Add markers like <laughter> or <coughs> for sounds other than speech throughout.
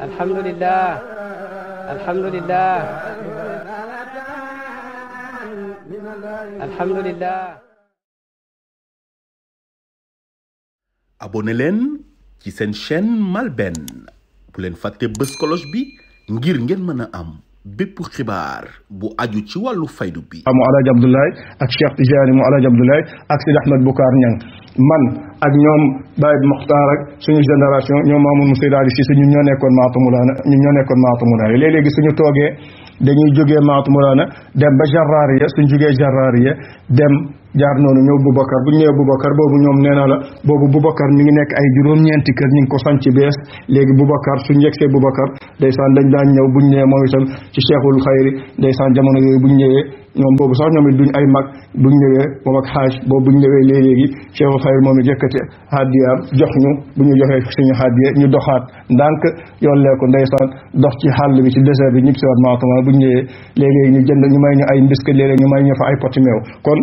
alhamdulilah alhamdulilah alhamdulilah. abonné leen ci seen chaîne malben bu leen fàtte bës cloche bi ngir ngeen mën a am bépp xibaar bu aju ci wàllu faydu bi mu alaaj Abdoulaye ak Cheikh Tidiane mu alaaj Abdoulaye ak Sidi Ahmed bukaar Niang man ak ñoom Baye Mokhtar ak suñu génération ñoom Mamoun Moussa Ali si ñun ñoo nekkoon Matamulaana ñun ñoo nekkoon Matamulaana léeg-léegi suñu toogee dañuy jógee Maat Mulaana dem ba Jarraariya suñ jógee ya dem jaar noonu ñëw Boubacar bu ñu ñëwee Boubacar boobu ñoom nee naa la boobu Boubacar mi ngi nekk ay juróom-ñeenti kër ñu ngi ko sanc bees léegi Boubacar suñ yegsee Boubacar ndeysaan dañ daan ñëw bu ñu ñëwee moom itam ci Cheikhul Xayri ndeysaan jamono yooyu bu ñu ñëwee ñoom boobu sax ñoom it duñ ay mag buñ ñëwee moom ak xaaj boobu buñ ñëwee léeg-léegi Cheikhul Xayr moom it yëkkati hadiyaam jox ñu bu ñu joxee suñu hadiya ñu doxaat ndànk yoleeku ko ndeysaan dox ci xàll bi ci désert bi ñib siwaat bu ñu ñëwee léeg-léegi ñu jënd ñu may ñu ay mbisk léeg-léeg ñu may ñu fa ay poti meew kon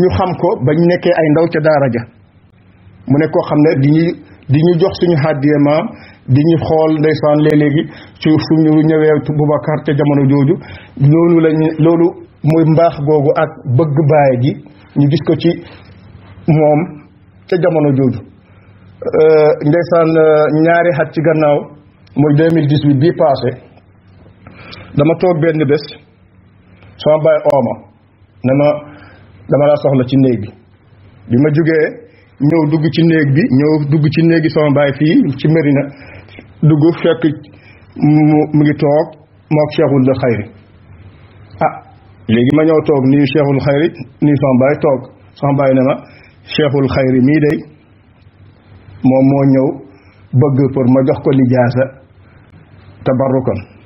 ñu xam ko bañ nekkee ay ndaw ca daara ja mu ne koo xam ne diñuy di ñu jox suñu xàddiyee maam di ñu xool ndeysaan léeg-léegi ci suñu ñëwee Boubacar ca jamono jooju loolu lañu loolu muy mbaax googu ak bëgg baay gi ñu gis ko ci moom ca jamono jooju euh, ndeysaan euh, ñaari xat ci gannaaw muy 2018 bii passé dama toog benn bés sama baay ooma ne ma dama laa soxla ci néeg bi ma jógee ñëw dugg ci néeg bi ñëw dugg ci néegi sama baay fii ci Medina dugg fekk mu mu ngi toog mook cheikhul la xayri ah léegi ma ñëw toog nii cheikhul xayri nii sama baay toog sama na ne ma cheikhul xayri mii day moom moo ñëw bëgg pour ma jox ko lijaasa tabarrukan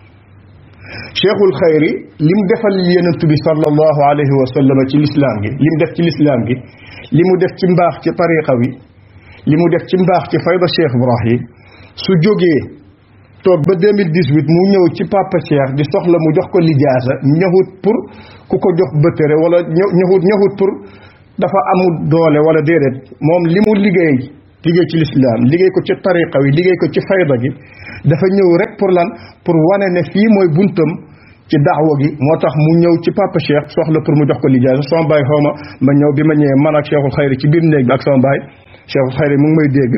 cheikhul xayri li mu defal yenent bi sallallahu alayhi wa sallam ci lislaam gi li def ci lislaam gi li mu def ci mbaax ci tariqa wi li mu def ci mbaax ci fayda cheikh Ibrahim su jógee toog ba 2018 mu ñëw ci papa cheikh di soxla mu jox ko lijaasa ñëwut pour ku ko jox bëtëre wala ñëwut ñëwut pour dafa amul doole wala déedéet moom li mu liggéey liggéey ci lislaam liggéey ko ci tariqa wi liggéey ko ci fayda gi dafa ñëw rek pour lan pour wane ne fii mooy buntam ci daawa gi moo tax mu ñëw ci papa Cheikh soxla pour mu jox ko lijaasa sama baay xaw ma ma ñëw bi ma ñëwee man ak Cheikhul Xayri ci biir néeg bi ak sama baay Cheikh Khayri mu ngi may dégg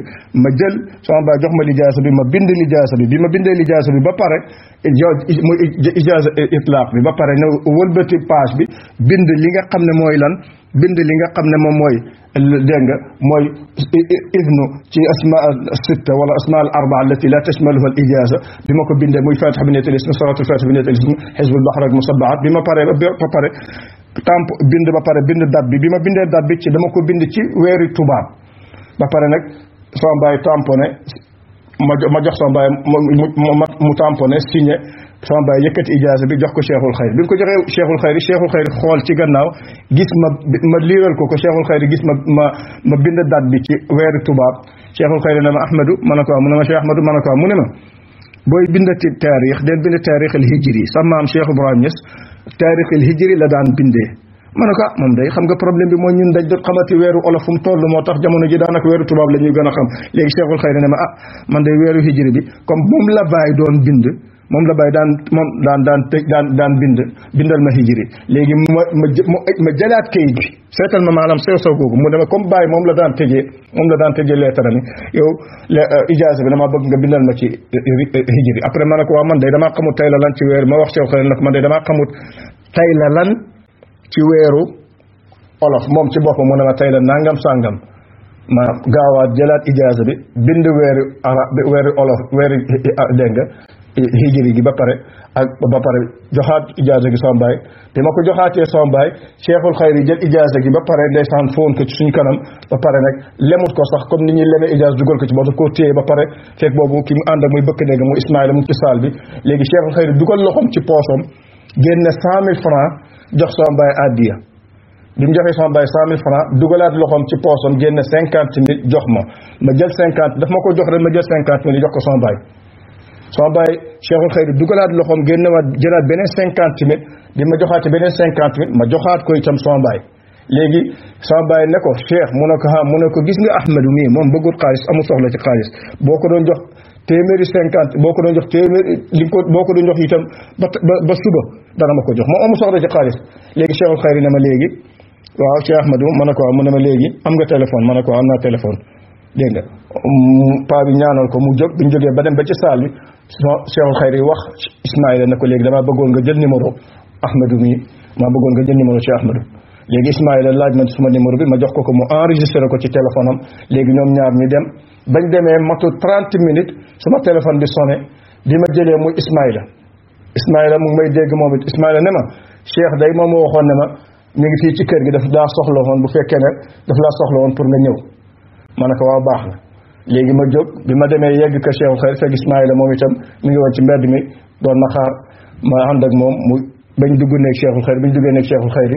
ma jël sama baay jox ma lijaasa bi ma bind lijaasa bi bi ma bindee lijaasa bi ba pare muy ijaasa itlaaq bi ba pare ne wëlbati page bi bind li nga xam ne mooy lan bind li nga xam ne moom mooy dégg nga mooy ibnu ci asma sitta wala asma al arbaa allati la tashmaluha al ijaza bi ma ko bindee muy fatiha bi neetal ism salatul fatiha bi neetal ism xisbul baxra ak musabahat bi ma pare ba pare tamp bind ba pare bind date bi bi ma bindee date bi ci dama ko bind ci weeri tubaab ba pare nag sama baay tamponné ma ma jox sama baay mu mu tamponné signé sama baay yëkkati ijaasa bi jox ko cheikhul xayri bi mu ko joxee cheikhul xayri cheikhul xayri xool ci gannaaw gis ma ma liiral ko ko cheikhul xayri gis ma ma ma bind date bi ci weeru tubaab cheikhul xayri ne ma ahmadu ma ne ko mu ne ma cheikh ahmadu ma ne ko mu ne ma booy bindati taarix den bind taarix al hijri sa maam cheikh ibrahim Niass taarix la daan bindee ma ne ko ah, moom day xam nga problème bi mooy ñun dañ doon xamati weeru olof fu moo tax jamono ji daanaka weeru tubaab la ñuy a xam léegi cheikhul xayri ne ma ah man day weeru hijri bi comme moom la bàyyi doon moom la bàyyi daan moom daan daan tëj daan daan bind bindal ma hijri léegi ma ma ma jëlaat kayit bi seetal ma maanaam sew sew googu mu dema comme baay moom la daan tëjee moom la daan tëjee leetara ni yow euh, ijaasa bi damaa bëgg nga bindal ma ci euh, euh, hijri après ma ne ko waaw ah, man day damaa xamut tay la lan ci weer ma wax sew xëy na man day damaa xamut tay la lan ci weeru olof moom ci boppam mu ne ma tey la nangam sàngam ma gaawaat jëlaat ijaasa bi bind weeri arab bi weeri olof weeri ah, dégg nga hijri gi ba pare ak ba pare joxaat ijaasa gi sama baay te ma ko joxaatee sama baay cheikhul xayri jël ijaasa gi ba pare ndeysaan foon ko ci suñu kanam ba pare nag lemut ko sax comme ni ñuy leme ijaasa dugal ko ci boo daf ba pare fekk boobu ki mu ànd ak muy bëkk néega mu ismaila mu ci saal bi léegi cheikhul xayri dugal loxoom ci poosam génne cent jox sama baay addiya bi mu joxee sama baay cent dugalaat loxoom ci poosam génne cinquante jox ma ma jël cinquante daf ma ko jox rek ma jël cinquante mille jox ko sama baay sama baay cheikhul dugalaat loxoom génne ma jëlaat beneen cinquante mille di ma joxaat beneen cinquante mille ma joxaat ko itam sama baay léegi sama baay ne ko cheikh mu ne ko ah mu ne ko gis nga ahmadu mii moom bëggul xaalis amul soxla ci xaalis boo ko doon jox téeméeri cinquante boo ko doon jox téeméeri li ko boo ko doon jox itam ba ba suba dana ma ko jox ma amu soxla ci xaalis léegi Cheikhul Xayri ne ma léegi waaw Cheikh Ahmadou ma ne ko mu ne ma léegi am nga téléphone ma ne ko am naa téléphone dégg nga paa bi ñaanal ko mu jóg bi ñu jógee ba dem ba ci saal bi Cheikhul Xayri wax Ismaïla ne ko léegi damaa bëggoon nga jël numéro Ahmadou mi maa bëggoon nga jël numéro Cheikh Ahmadou léegi Ismaïla laaj ma suma numéro bi ma jox ko ko mu enregistré ko ci téléphone am léegi ñoom ñaar ñu dem bañ demee matu 30 minutes suma téléphone bi sonné bi ma jëlee muy Ismaïla Ismaïla mu ngi may dégg moom it Ismaïla ne ma Cheikh day moom ma waxoon ne ma ñu ngi fii ci kër gi daf daa soxla woon bu fekkee ne daf laa soxla woon pour nga ñëw ma ne ko waaw baax na léegi ma jóg bi ma demee yegg ka Cheikh Xayr fekk Ismaïla moom itam mu ngi woon ci mbedd mi doon ma xaar ma ànd ak moom mu bañ dugg nekk Cheikh Xayr bañ duggee nekk Cheikh Xayr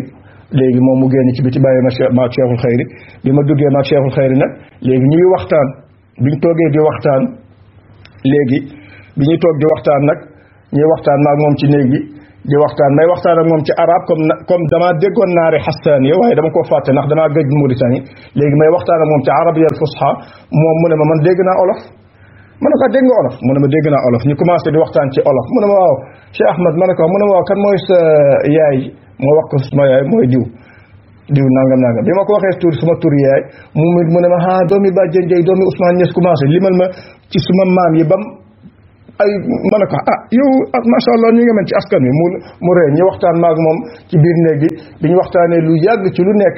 léegi moom mu génn ci biti bàyyi ma maag cheikhul xayri ma duggee maag cheikhul xayri nag léegi ñuy waxtaan biñ toogee di waxtaan léegi bi ñuy toog di waxtaan nag ñuy waxtaan maag moom ci néeg bi di waxtaan may waxtaan ak moom ci arab comme comme damaa déggoon naari xastaan yi waaye dama koo fàtte ndax damaa gëj Mauritanie léegi may waxtaan ak moom ci arab yal fusxa moom mu ne ma man dégg naa olof ma ne ko ah, dégg nga mu ne ma dégg naa olof ñu commencé di waxtaan ci olof mu ne ma waaw Cheikh Ahmed ma ne ko mu kan mooy yaay ma wax ko suma yaay mooy diw diw nangam nangam bi ma ko waxee tur suma tur yaay mu mu ne ma ah doomi Ba Dieng Dieng doomi Ousmane Niass commencé limal ma ci suma maam yi bam ay ma ne ko ah yow ah allah ñu nga mel ci askan wi mu mu ree ñu waxtaan maag moom ci biir néeg bi bi ñu waxtaanee lu yàgg ci lu nekk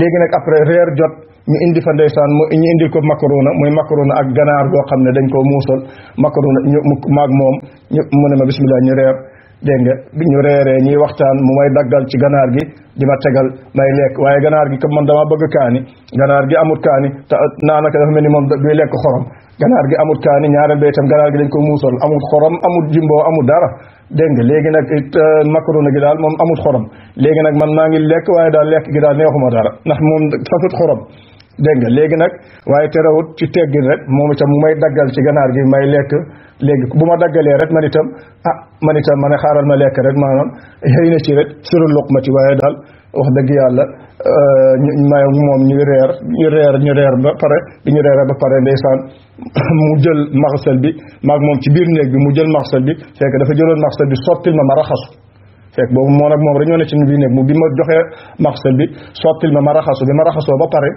léegi nag après reer jot ñu indi fa ndeysaan mu ñu indil ko macarona muy macarona ak ganaar goo xam ne dañ koo muusal macarona ñu maag moom ñu mu ne ma bismillah ñu reer dégg nga bi ñu reeree ñi waxtaan mu may daggal ci ganaar gi di ma tegal may lekk waaye ganaar gi comme man damaa bëgg kaani ganaar gi amut kaani te naanaka dafa mel ni moom duy lekk xorom ganaar gi amut kaani ñaareel ba itam ganaar gi dañ ko muusal amut xorom amut jimbo amut dara dégg nga léegi nag euh, macaroni gi daal moom amut xorom léegi nag man maa ngi lekk waaye daal lekk gi daal neexuma dara ndax moom safut xorom dégg nga léegi nag waaye terewut ci teggin rek moom itam mu may daggal ci ganaar gi may lekk léegi bu ma daggalee rek man itam ah man itam ma ne xaaral ma lekk rek maanaam xëy na ci rek suru luqmati waaye daal wax dëgg yàlla euh, may moom ñu reer ñu reer ñu reer ba pare bi ñu reer ba pare ndeysaan <coughs> mu jël maxsal bi maag moom ci biir néeg bi mu jël maxsal bi fekk dafa jëloon maxsal bi soppil ma ma raxasu fekk boobu moo nag moom rek ñoo ne ci biir néeg mu bi ma joxee maxsal bi soppil ma ma raxasu bi ma raxasoo ba pare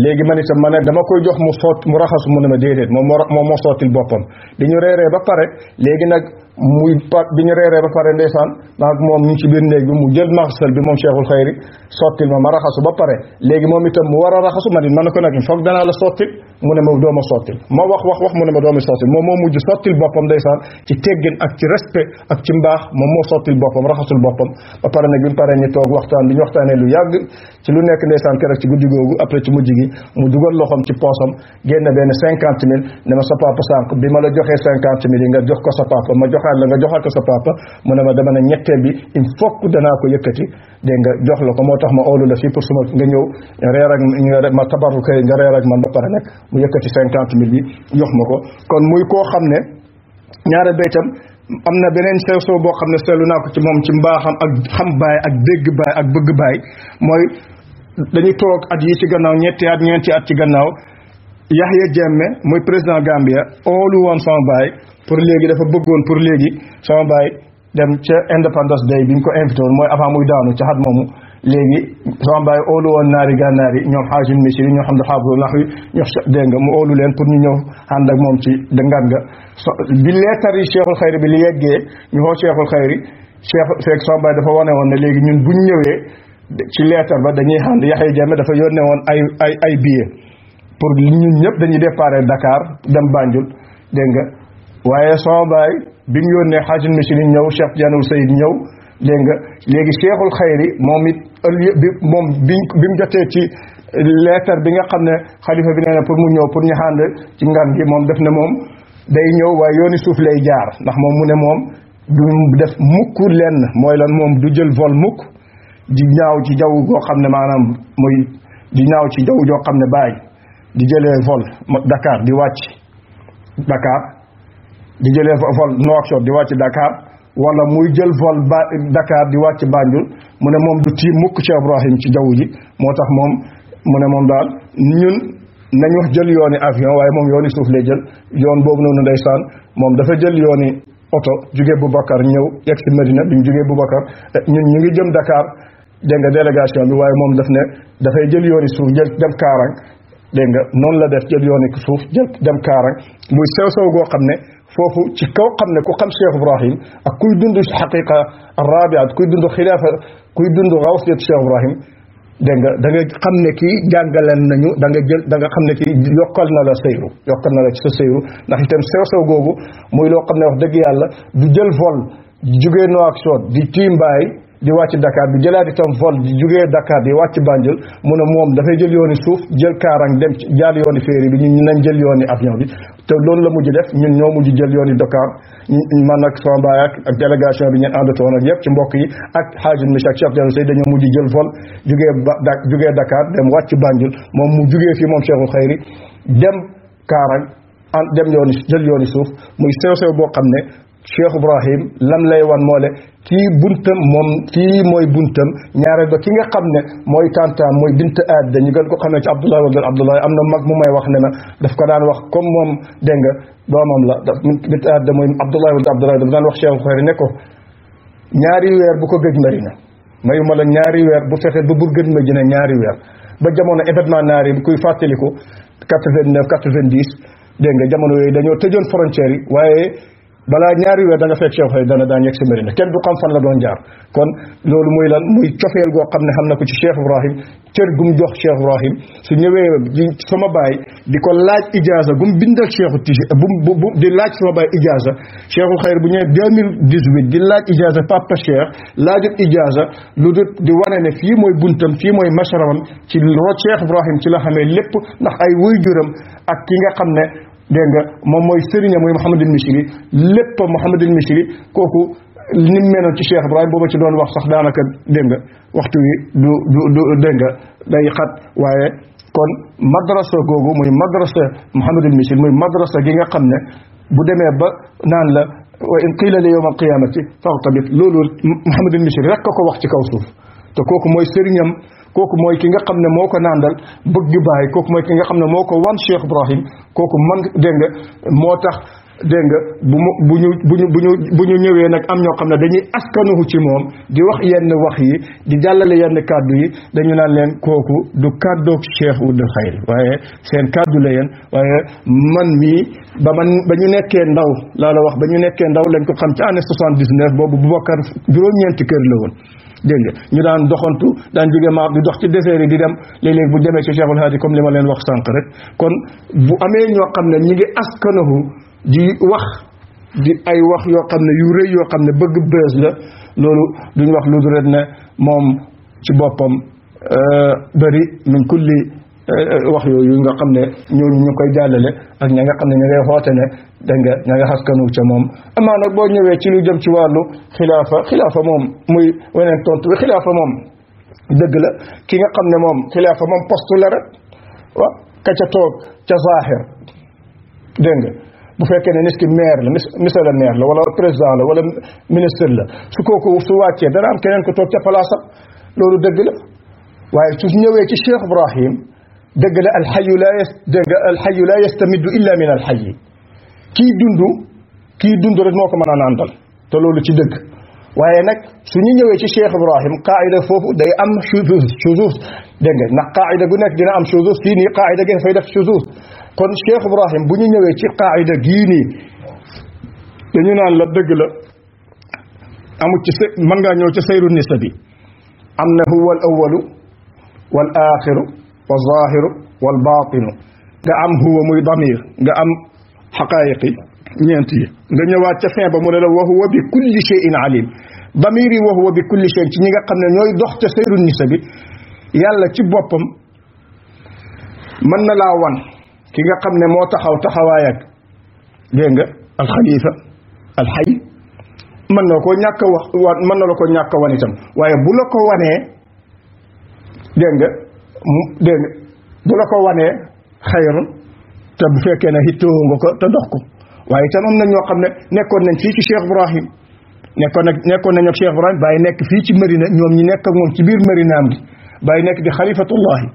léegi man itam ma ne dama koy jox mu soot mu raxasu mu ne ma déedéet moom moo moo moo sottil boppam bi ñu reeree ba pare léegi nag mu pa bi ñu reeree ba pare ndeysaan daanaka moom ñu ci biir néeg bi mu jël maxsal bi moom cheikhul xayri sottil ma ma raxasu ba pare léegi moom itam mu war a raxasu ma nit ma ne ko nag foog danaa la sottil mu ne ma dooma sottil wax mu ne ma dooma sottil moom moo sottil boppam ndeysaan ci teggin ak moom moo sottil boppam raxasul boppam ba pare nag toog waxtaan bi ñu waxtaanee lu yàgg ci lu nekk ndeysaan keroog ci guddi googu après ci mujj gi mu dugal loxoom ci poosam génn benn cinquante mille ne ma sa papa sànq bi ma la joxee cinquante mille yi nga jox ko sa papa ma jox joxaat la nga joxaat ko sa papa mu ne ma dama ne ñetteel bi il faut danaa ko yëkkati dégg nga jox la ko moo tax ma oolu la fii pour suma nga ñëw reer ak ma tabaru kay nga reer man ba pare nag mu yëkkati cinquante mille bi jox ma ko kon muy koo xam ne ñaare baytam am na beneen sew boo xam ne seelu naa ko ci moom ci mbaaxam ak xam baay ak dégg baay ak bëgg baay mooy dañuy toog at yi ci gannaaw ñetti at ñeenti at ci gannaaw Yahya Jammeh muy président Gambia oolu woon sama pour léegi dafa bëggoon pour léegi sama baay ca Independence Day bi ñu ko invité mooy avant muy daanu ca xat moomu léegi sama baay woon naari gànnaar yi ñoom xaajun misiri ñoom xam ne xaabro lax wi ñoom dégg nga mu oolu leen pour ñu ñëw ànd ak moom ci da ngan nga so bi leetar yi cheikhul bi li yeggee ñu woo cheikhul xayri cheikh feeg sama baay dafa wane woon ne léegi ñun buñ ñëwee ci leetar ba dañuy ànd Yaxya Jammeh dafa yónnee woon ay ay ay billet pour ñun ñëpp dañuy déparé Dakar dem Banjul dégg nga waaye sama baay bi mu yónnee xaajul misiri ñëw Cheikh Janul Sayid ñëw dégg nga léegi Cheikhul Xayri moom it ëllëg bi moom bi bi mu jotee ci leetar bi nga xam ne xalifa bi nee na pour mu ñëw pour ñu xànd ci ngan gi moom def na moom day ñëw waaye yooni suuf lay jaar ndax moom mu ne moom du def mukk lenn mooy lan moom du jël vol mukk di ñaaw ci jaw goo xam ne maanaam muy di ñaaw ci jaww joo xam ne bàyyi di jëlee vol dakaar di wàcc Dakar di jëlee vol Nouakchott di wàcc dakaar wala muy jël vol ba Dakar di wàcc Banjul mu ne moom du tiim mukk Cheikh Ibrahim ci jaww ji moo tax moom mu ne moom daal ñun nañ wax jël yooni avion waaye moom yooni suuf lay jël yoon boobu noonu day ndeysaan moom dafa jël yooni oto jugee Boubacar ñëw yegg si Medina bi mu jugee Boubacar ñun ñu ngi jëm Dakar dégg nga bi waaye moom daf ne dafay jël yooni suuf jël dem Kaarang dégg nga noonu la def jël yoonu suuf jël dem kaarang muy sew sew goo xam ne foofu ci kaw xam ne ku xam Cheikh Ibrahim ak kuy dund xaqiqa rabiat kuy dund xilaafa kuy dund rawsiyat Cheikh Ibrahim dégg nga da xam ne kii jàngaleen nañu da nga jël da xam ne ki yokkal na la sayru yokkal na la sa sayru ndax itam sew sew googu muy loo xam ne wax dëgg yàlla du jël vol jugee noo ak soot di tiimbaay di wàcc dakaar bi jëlaati tam vol di jugee dakaar di wàcc Banjul mu ne moom dafay jël yooni suuf jël kaarang dem jaar yooni féeri bi ñun ñu nañ jël yooni avion bi te loolu la mujj def ñun ñoo mujj jël yooni Dakar man ak sama baay ak ak délégation bi ñeen àndatoon ak yëpp ci mbokk yi ak Hadji Mich ak Cheikh Diallo Sey dañoo mujj jël vol jugee da jugee Dakar dem wàcc Banjul moom mu jugee fii moom Cheikhul Khayri dem kaarang an dem yooni jël yooni suuf muy sew sew boo xam ne cheikh ibrahim lam lay wan moole le kii buntam moom kii mooy buntam ñaareel ba ki nga xam ne mooy tantaam mooy bint aadda ñu gën ko xamee ci abdoulahi wala abdoulahi am na mag mu may wax ne ma daf ko daan wax comme moom dégg nga doomam la da bint aadda mooy abdoulahi wala abdoulahi daf daan wax cheikh ibrahim ne ko ñaari weer bu ko gëj mari na mayuma la ñaari weer bu fexe ba bu gëj ma dina ñaari weer ba jamono événement naar yi bi kuy ko quatre vingt neuf quatre vingt dix dégg nga jamono yooyu dañoo tëjoon frontières yi balaa ñaari weer da nga fekk Cheikh Faye dana daan yegg si Medina kenn du xam fan la doon jaar kon loolu muy lan muy cofeel goo xam ne xam na ko ci Cheikh Ibrahim cër gum jox Cheikh Ibrahim su ñëwee sama baay di ko laaj ijaasa gum bindal Cheikhu Tijaan bu bu di laaj sama baay ijaasa Cheikhul Xayr bu ñëwee 2018 di laaj ijaasa Papa Cheikh laajut ijaasa lu dul di wane ne fii mooy buntam fii mooy macharawam ci loo Cheikh Ibrahim ci la xamee lépp ndax ay wuy juram ak ki nga xam ne dégg nga moom mooy sëriñam mooy Mouhamadul Michiri lépp Mouhamadul Michiri kooku ni mu meloon ci Cheikh Ibrahim booba ci doon wax sax daanaka dégg nga waxtu wi du du du dégg nga day xat waaye kon madrasa googu muy madrasa Mouhamadul Michiri muy madrasa gi nga xam ne bu demee ba naan la wa in qiila li yowma alqiyamati faxtabit loolu Mouhamadul Michiri rek ko ko wax ci kaw suuf te kooku mooy sëriñam kooku mooy ki nga xam ne moo ko nàndal bëgg bàyyi kooku mooy ki nga xam ne moo ko wan Cheikh Ibrahim kooku man dégg nga moo tax dégg nga bu mu bu ñu bu ñu bu ñu bu ñu ñëwee nag am ñoo xam ne dañuy askanuhu ci moom di wax yenn wax yi di jàllale yenn kàddu yi dañu naan leen kooku du kàddoog cheikh wudul xayri waaye seen kàddu la yéen waaye man mii ba man ba ñu nekkee ndaw laa la wax ba ñu nekkee ndaw lañ ko xam ci année soixante-dix-neuf boobu Boubacar juróom-ñeenti kër la woon dégg nga ñu daan doxantu daan jóge maam di dox ci désert yi di dem léeg-léeg bu demee ci Cheikhul Hadi comme li ma leen wax sànq rek kon bu amee ñoo xam ne ñi ngi askanahu di wax di ay wax yoo xam ne yu rëy yoo xam ne bëgg bës la loolu duñ wax lu dul rek ne moom ci boppam euh, bëri min kulli Euh, wax yooyu nga xam ne ñooñu ñu koy jàllale ak ña nga xam ne ña ngay xoote ne dégg nga ña nga xaskanu ca moom amaa nag boo ñëwee ci lu jëm ci wàllu xilaafa xilaafa moom muy weneen tontu bi xilaafa moom dëgg la ki nga xam ne moom xilaafa moom poste la rek waaw ka ca toog ca zahir dégg nga bu fekkee ne nit ki maire la monsieur le maire la wala président la wala ministre la su kooku su wàccee dana am keneen ko toog ca palaasam loolu dëgg la waaye su ñëwee ci Cheikh Ibrahim dëgg la alxayu laa yas dëgg la alxayu laa yastamiddu illa min alxayi kii dund kii dund rek moo ko mën a nàndal te loolu ci dëgg waaye nag su ñu ñëwee ci Cheikh Ibrahim qaayida foofu day am chuzuz chuzuz dégg nga ndax qaayida gu nekk dina am chuzuz fii nii qaayida gi dafay def chuzuz kon Cheikh Ibrahim bu ñu ñëwee ci qaayida gii nii dañu naan la dëgg la amu ci mën ngaa ñëw ci sayru bi am na huwa al awalu wal axiru wa zaahiru wal baatinu nga am huwa muy damir nga am xaqaayiqi ñeent yi nga ñëwaat ca fin ba mu ne la wa huwa bi kulli shay'in alim damir yi wa huwa bi kulli shay'in ci ñi nga xam ne ñooy dox ca sayru nisa bi yàlla ci boppam mën na laa wan ki nga xam ne moo taxaw taxawaay ak dégg nga alxalifa alxay mën na koo ñàkk a wax mën na la ko ñàkk a wan itam waaye bu la ko wanee dégg nga dégg nga bu la ko wanee xayrun te bu fekkee ne hittoo nga ko te dox ko waaye itam am na ñoo xam ne nekkoon nañ fii ci Cheikh Ibrahim nekkoon nag nekkoon nañ ak Cheikh Ibrahim bàyyi nekk fii ci Marina ñoom ñi nekk ak moom ci biir Marinaam gi bàyyi nekk di xalifatullahi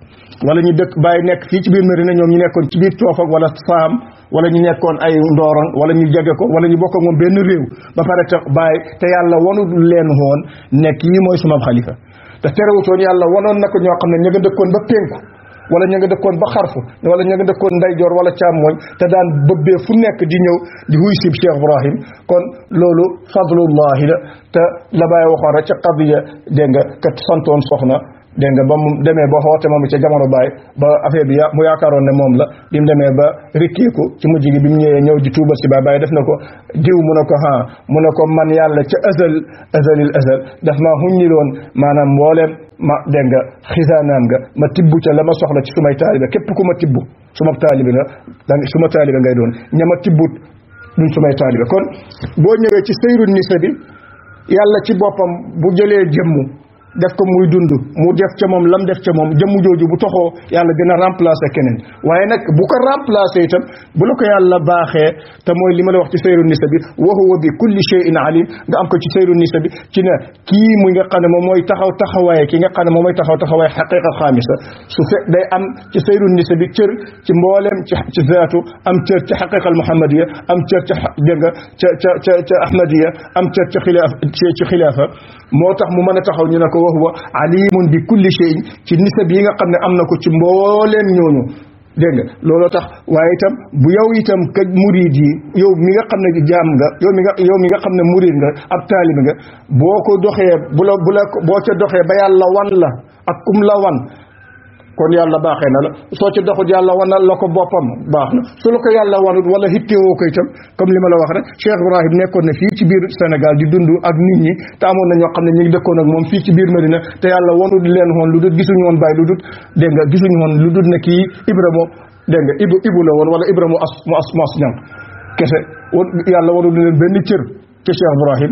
wala ñu dëkk bàyyi nekk fii ci biir Marina ñoom ñu nekkoon ci biir Toofak wala Saam wala ñu nekkoon ay ndooroon wala ñu jege ko wala ñu bokk ak moom benn réew ba pare te bàyyi te yàlla wanu leen woon nekk yi mooy suma xalifa te terewutoon yàlla wanoon na ñoo xam ne ña nga dëkkoon ba penku wala ña nga dëkkoon ba xarfu wala ña nga dëkkoon ndeyjoor wala càmmooñ te daan bëbbee fu nekk di ñë di wuy sib Cheikh Ibrahim kon loolu fadlullahi la te la bàyyi waxoon rek ca qadiya dégg nga kat santoon soxna dégg nga ba mu demee ba xoote moom ca jamono baay ba affaire bi mu yaakaaroon ne moom la bi mu demee ba rikkiiku ci mujj gi bi ñëwee ñëw di tuubal si baay baay def na ko diw mu ne ko ha mu ne ko man yàlla ci azal azalil azal daf maa huññiloon maanaam mbooleem ma dégg nga xisaanaam nga ma tibbu ca la ma soxla ci sumay taalibe képp ku ma tibbu suma taalibe nga su ma taalibe ngay doon ña ma tibbut duñ sumay taalibe kon boo ñëwee ci sëyru nisa bi yàlla ci boppam bu jëlee jëmmu def ko muy dund mu def ca moom lam def ca moom jëmm jooju bu toxoo yàlla gën a remplacer keneen waaye nag bu ko remplacer itam bu la ko yàlla baaxee te mooy li ma la wax ci sayru nisa bi wa huwa bi kulli shay'in alim nga am ko ci sayru nisa bi ci ne kii nga xam ne moom mooy taxaw taxawaay ki nga xam ne moom mooy taxaw taxawaay xaqiqa xaamisa su fekk am ci sayru nisa bi cër ci mbooleem ci ci zaatu am cër ci xaqiqa al muhammadiya am cër ca jënga ca ca ca ca ahmadiya am cër ca xilaafa ci xilaafa moo tax mu mën a taxaw ñu ne ko wa huwa alimun bi kulli shay'in ci nisab yi nga xam ne am na ko ci mbooleem ñooñu dégg nga looloo tax waaye itam bu yow itam ka murid yi yow mi nga xam ne jaam nga yow mi nga yow mi nga xam ne murid nga ab taalibi nga boo ko doxee bu la boo ca doxee ba yàlla wan la ak kum la wan kon yàlla baaxee na la soo ci doxut yàlla wanal la ko boppam baax na su la ko yàlla wanut wala hittewoo ko itam comme li ma la wax rek Cheikh Ibrahim nekkoon na fii ci biir Sénégal di dund ak nit ñi te amoon na ñoo xam ne ñu ngi dëkkoon ak moom fii ci biir Madina te yàlla wanut leen woon lu dut gisuñu woon bàyyi lu dut dégg nga gisuñu woon lu dut ne kii Ibra moom dégg nga Ibu Ibu la woon wala Ibra mu as mu as mu as ñam kese yàlla wanut leen benn cër ci Cheikh Ibrahim